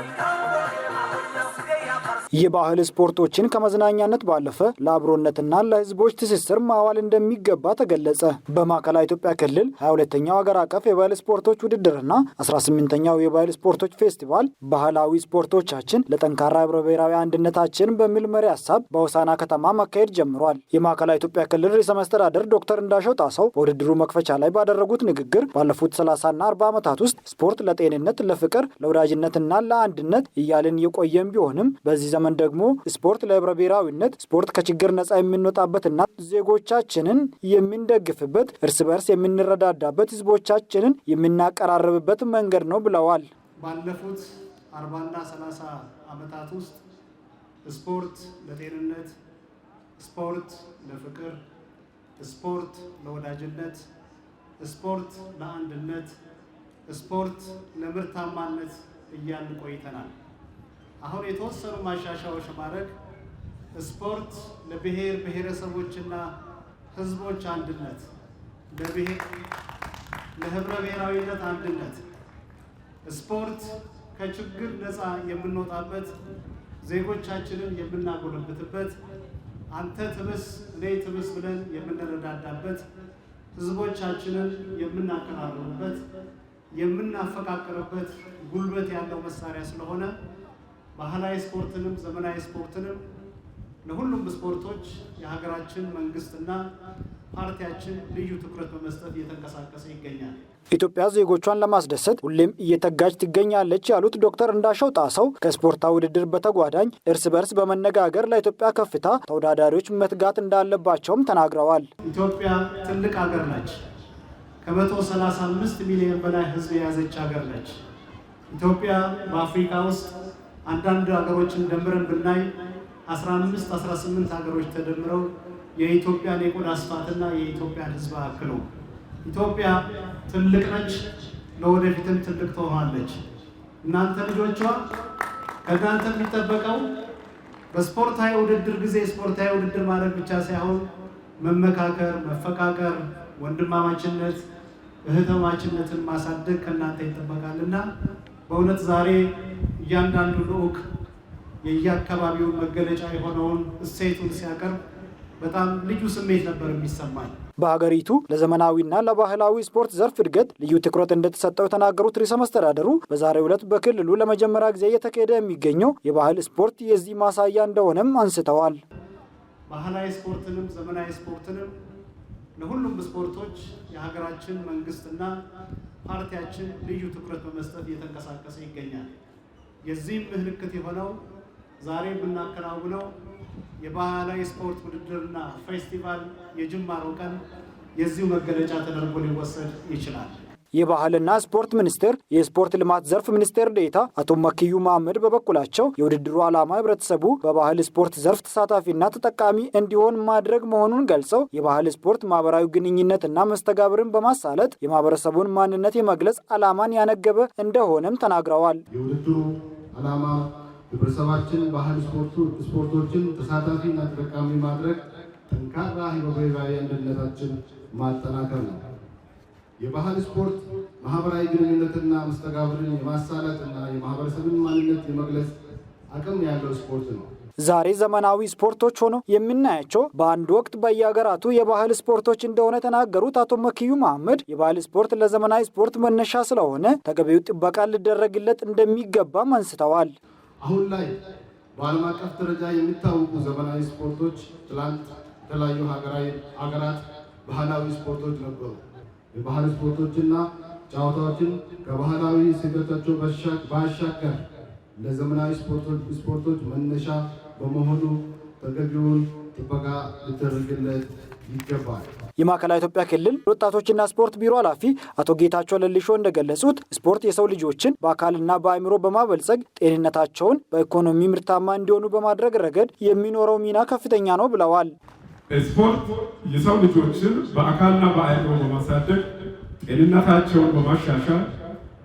Come, come. የባህል ስፖርቶችን ከመዝናኛነት ባለፈ ለአብሮነትና ለህዝቦች ትስስር ማዋል እንደሚገባ ተገለጸ። በማዕከላዊ ኢትዮጵያ ክልል 22ኛው ሀገር አቀፍ የባህል ስፖርቶች ውድድርና 18ኛው የባህል ስፖርቶች ፌስቲቫል ባህላዊ ስፖርቶቻችን ለጠንካራ ህብረ ብሔራዊ አንድነታችን በሚል መሪ ሀሳብ በሆሳና ከተማ ማካሄድ ጀምሯል። የማዕከላዊ ኢትዮጵያ ክልል ርዕሰ መስተዳደር ዶክተር እንዳሸው ጣሰው በውድድሩ መክፈቻ ላይ ባደረጉት ንግግር ባለፉት 30ና 40 ዓመታት ውስጥ ስፖርት ለጤንነት፣ ለፍቅር፣ ለወዳጅነትና ለአንድነት እያልን የቆየም ቢሆንም በዚህ ዘመን ደግሞ ስፖርት ለህብረ ብሔራዊነት፣ ስፖርት ከችግር ነጻ የምንወጣበትና ዜጎቻችንን የምንደግፍበት፣ እርስ በርስ የምንረዳዳበት፣ ህዝቦቻችንን የምናቀራርብበት መንገድ ነው ብለዋል። ባለፉት አርባና ሰላሳ ዓመታት ውስጥ ስፖርት ለጤንነት፣ ስፖርት ለፍቅር፣ ስፖርት ለወዳጅነት፣ ስፖርት ለአንድነት፣ ስፖርት ለምርታማነት እያልን ቆይተናል። አሁን የተወሰኑ ማሻሻያዎች ማድረግ ስፖርት ለብሔር ብሔረሰቦችና ህዝቦች አንድነት ለህብረ ብሔራዊነት አንድነት ስፖርት ከችግር ነፃ የምንወጣበት ዜጎቻችንን የምናጎለብትበት አንተ ትብስ እኔ ትብስ ብለን የምንረዳዳበት ህዝቦቻችንን የምናቀራርብበት የምናፈቃቅርበት ጉልበት ያለው መሳሪያ ስለሆነ ባህላዊ ስፖርትንም ዘመናዊ ስፖርትንም ለሁሉም ስፖርቶች የሀገራችን መንግስትና ፓርቲያችን ልዩ ትኩረት በመስጠት እየተንቀሳቀሰ ይገኛል። ኢትዮጵያ ዜጎቿን ለማስደሰት ሁሌም እየተጋጅ ትገኛለች ያሉት ዶክተር እንዳሻው ጣሰው ከስፖርታዊ ውድድር በተጓዳኝ እርስ በርስ በመነጋገር ለኢትዮጵያ ከፍታ ተወዳዳሪዎች መትጋት እንዳለባቸውም ተናግረዋል። ኢትዮጵያ ትልቅ ሀገር ነች። ከ135 ሚሊዮን በላይ ህዝብ የያዘች ሀገር ነች። ኢትዮጵያ በአፍሪካ ውስጥ አንዳንድ ሀገሮችን ደምረን ብናይ 15 18 ሀገሮች ተደምረው የኢትዮጵያን የቆዳ ስፋትና የኢትዮጵያን ሕዝብ አክሎ ኢትዮጵያ ትልቅ ነች፣ ለወደፊትም ትልቅ ትሆናለች። እናንተ ልጆቿ ከእናንተ የሚጠበቀው በስፖርታዊ ውድድር ጊዜ ስፖርታዊ ውድድር ማድረግ ብቻ ሳይሆን መመካከር፣ መፈቃቀር፣ ወንድማማችነት እህተማችነትን ማሳደግ ከእናንተ ይጠበቃልና በእውነት ዛሬ እያንዳንዱ ልዑክ የየአካባቢውን መገለጫ የሆነውን እሴቱን ሲያቀርብ በጣም ልዩ ስሜት ነበር የሚሰማኝ። በሀገሪቱ ለዘመናዊና ለባህላዊ ስፖርት ዘርፍ እድገት ልዩ ትኩረት እንደተሰጠው የተናገሩት ርዕሰ መስተዳደሩ በዛሬው ዕለት በክልሉ ለመጀመሪያ ጊዜ እየተካሄደ የሚገኘው የባህል ስፖርት የዚህ ማሳያ እንደሆነም አንስተዋል። ባህላዊ ስፖርትንም ዘመናዊ ስፖርትንም ለሁሉም ስፖርቶች የሀገራችን መንግስትና ፓርቲያችን ልዩ ትኩረት በመስጠት እየተንቀሳቀሰ ይገኛል። የዚህም ምልክት የሆነው ዛሬ የምናከናውነው የባህላዊ ስፖርት ውድድርና ፌስቲቫል የጅማሮ ቀን የዚሁ መገለጫ ተደርጎ ሊወሰድ ይችላል። የባህልና ስፖርት ሚኒስቴር የስፖርት ልማት ዘርፍ ሚኒስቴር ዴታ አቶ መክዩ መሐመድ በበኩላቸው የውድድሩ ዓላማ ህብረተሰቡ በባህል ስፖርት ዘርፍ ተሳታፊና ተጠቃሚ እንዲሆን ማድረግ መሆኑን ገልጸው የባህል ስፖርት ማህበራዊ ግንኙነትና መስተጋብርን በማሳለጥ የማህበረሰቡን ማንነት የመግለጽ ዓላማን ያነገበ እንደሆነም ተናግረዋል። የውድድሩ ዓላማ ህብረተሰባችን ባህል ስፖርቶችን ተሳታፊና ተጠቃሚ ማድረግ፣ ጠንካራ ህብረ አንድነታችን ማጠናከር ነው። የባህል ስፖርት ማህበራዊ ግንኙነትና መስተጋብርን የማሳለጥና የማህበረሰብን ማንነት የመግለጽ አቅም ያለው ስፖርት ነው። ዛሬ ዘመናዊ ስፖርቶች ሆኖ የምናያቸው በአንድ ወቅት በየሀገራቱ የባህል ስፖርቶች እንደሆነ ተናገሩት አቶ መኪዩ መሐመድ የባህል ስፖርት ለዘመናዊ ስፖርት መነሻ ስለሆነ ተገቢው ጥበቃ ሊደረግለት እንደሚገባም አንስተዋል። አሁን ላይ በዓለም አቀፍ ደረጃ የሚታወቁ ዘመናዊ ስፖርቶች ትላንት የተለያዩ ሀገራት ባህላዊ ስፖርቶች ነበሩ። የባህል ስፖርቶችና ጨዋታዎችን ከባህላዊ ስበታቸው ባሻገር ለዘመናዊ ስፖርቶች መነሻ በመሆኑ ተገቢውን ጥበቃ ሊደረግለት ይገባል። የማዕከላዊ ኢትዮጵያ ክልል ወጣቶችና ስፖርት ቢሮ ኃላፊ አቶ ጌታቸው ለልሾ እንደገለጹት ስፖርት የሰው ልጆችን በአካልና በአእምሮ በማበልጸግ ጤንነታቸውን በኢኮኖሚ ምርታማ እንዲሆኑ በማድረግ ረገድ የሚኖረው ሚና ከፍተኛ ነው ብለዋል። ስፖርት የሰው ልጆችን በአካልና በአእምሮ በማሳደግ ጤንነታቸውን በማሻሻል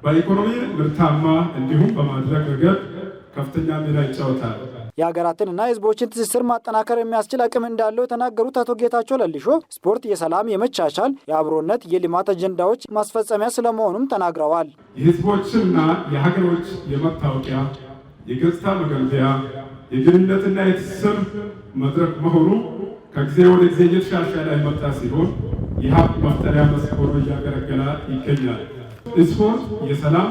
በኢኮኖሚ ምርታማ እንዲሁም በማድረግ ረገድ ከፍተኛ ሚና ይጫወታል። የሀገራትንና የሕዝቦችን ትስስር ማጠናከር የሚያስችል አቅም እንዳለው የተናገሩት አቶ ጌታቸው ለልሾ ስፖርት የሰላም፣ የመቻቻል፣ የአብሮነት፣ የልማት አጀንዳዎች ማስፈጸሚያ ስለመሆኑም ተናግረዋል። የሕዝቦችና የሀገሮች የመታወቂያ የገጽታ መገንቢያ፣ የግንኙነትና የትስስር መድረክ መሆኑ ከጊዜ ወደ ጊዜ እየተሻሻለ የመጣ ሲሆን የሀብት መፍጠሪያ መስክ ሆኖ እያገለገለ ይገኛል። ስፖርት የሰላም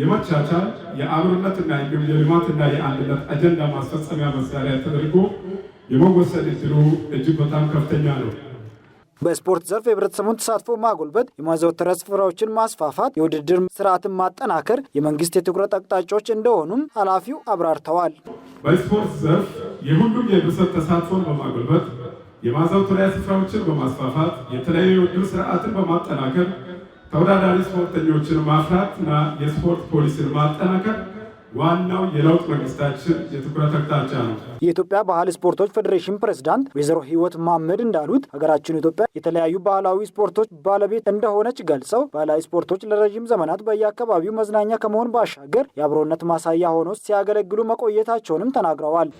የመቻቻል የአብሮነትና የልማትና የአንድነት አጀንዳ ማስፈጸሚያ መሳሪያ ተደርጎ የመወሰድ እድሉ እጅግ በጣም ከፍተኛ ነው። በስፖርት ዘርፍ የህብረተሰቡን ተሳትፎ ማጎልበት፣ የማዘወተሪያ ስፍራዎችን ማስፋፋት፣ የውድድር ስርዓትን ማጠናከር የመንግስት የትኩረት አቅጣጫዎች እንደሆኑም ኃላፊው አብራርተዋል። በስፖርት ዘርፍ የሁሉም የህብረተሰብ ተሳትፎን በማጎልበት የማዘውተሪያ ስፍራዎችን በማስፋፋት የተለያዩ የውድድር ስርዓትን በማጠናከር ተወዳዳሪ ስፖርተኞችን ማፍራትና የስፖርት ፖሊሲን ማጠናከር ዋናው የለውጥ መንግስታችን የትኩረት አቅጣጫ ነው። የኢትዮጵያ ባህል ስፖርቶች ፌዴሬሽን ፕሬዝዳንት ወይዘሮ ህይወት መሐመድ እንዳሉት ሀገራችን ኢትዮጵያ የተለያዩ ባህላዊ ስፖርቶች ባለቤት እንደሆነች ገልጸው ባህላዊ ስፖርቶች ለረዥም ዘመናት በየአካባቢው መዝናኛ ከመሆን ባሻገር የአብሮነት ማሳያ ሆኖ ሲያገለግሉ መቆየታቸውንም ተናግረዋል።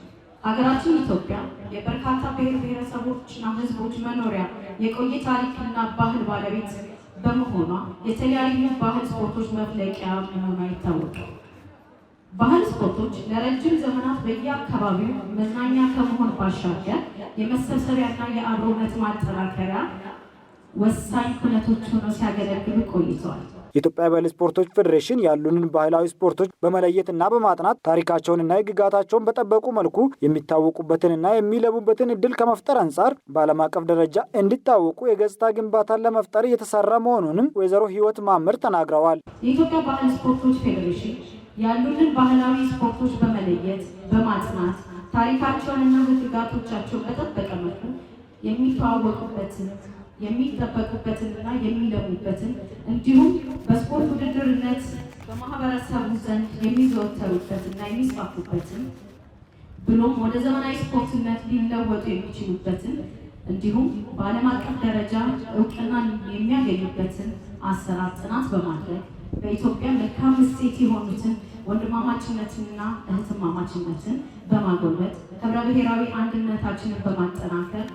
ሀገራችን ኢትዮጵያ የበርካታ ብሔር ብሔረሰቦችና ሕዝቦች መኖሪያ የቆየ ታሪክና ባህል ባለቤት በመሆኗ የተለያዩ ባህል ስፖርቶች መፍለቂያ መሆኗ ይታወቃል። ባህል ስፖርቶች ለረጅም ዘመናት በየአካባቢው መዝናኛ ከመሆን ባሻገር የመሰብሰቢያና የአብሮነት ማጠናከሪያ ወሳኝ ኩነቶች ሆነው ሲያገለግሉ ቆይተዋል። የኢትዮጵያ ባህል ስፖርቶች ፌዴሬሽን ያሉንን ባህላዊ ስፖርቶች በመለየትና በማጥናት ታሪካቸውንና የግጋታቸውን በጠበቁ መልኩ የሚታወቁበትንና የሚለቡበትን እድል ከመፍጠር አንጻር በዓለም አቀፍ ደረጃ እንዲታወቁ የገጽታ ግንባታን ለመፍጠር እየተሰራ መሆኑንም ወይዘሮ ህይወት ማምር ተናግረዋል። የኢትዮጵያ ባህል ስፖርቶች ፌዴሬሽን ያሉንን ባህላዊ ስፖርቶች በመለየት በማጽናት ታሪካቸውንና ሕግጋቶቻቸውን በጠበቀ መልኩ የሚተዋወቁበትን የሚጠበቁበትንና የሚለሙበትን እንዲሁም በስፖርት ውድድርነት በማህበረሰቡ ዘንድ የሚዘወተሩበትና የሚስፋፉበትን ብሎም ወደ ዘመናዊ ስፖርትነት ሊለወጡ የሚችሉበትን እንዲሁም በዓለም አቀፍ ደረጃ እውቅናን የሚያገኙበትን አሰራር ጥናት በማድረግ በኢትዮጵያ መልካም እሴት የሆኑትን ወንድማማችነትንና እህትማማችነትን በማጎልበት ህብረ ብሔራዊ አንድነታችንን በማጠናከር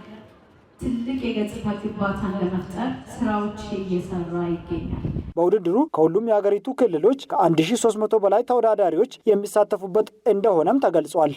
ትልቅ የገጽታ ግንባታን ለመፍጠር ስራዎች እየሰራ ይገኛል። በውድድሩ ከሁሉም የሀገሪቱ ክልሎች ከ1300 በላይ ተወዳዳሪዎች የሚሳተፉበት እንደሆነም ተገልጿል።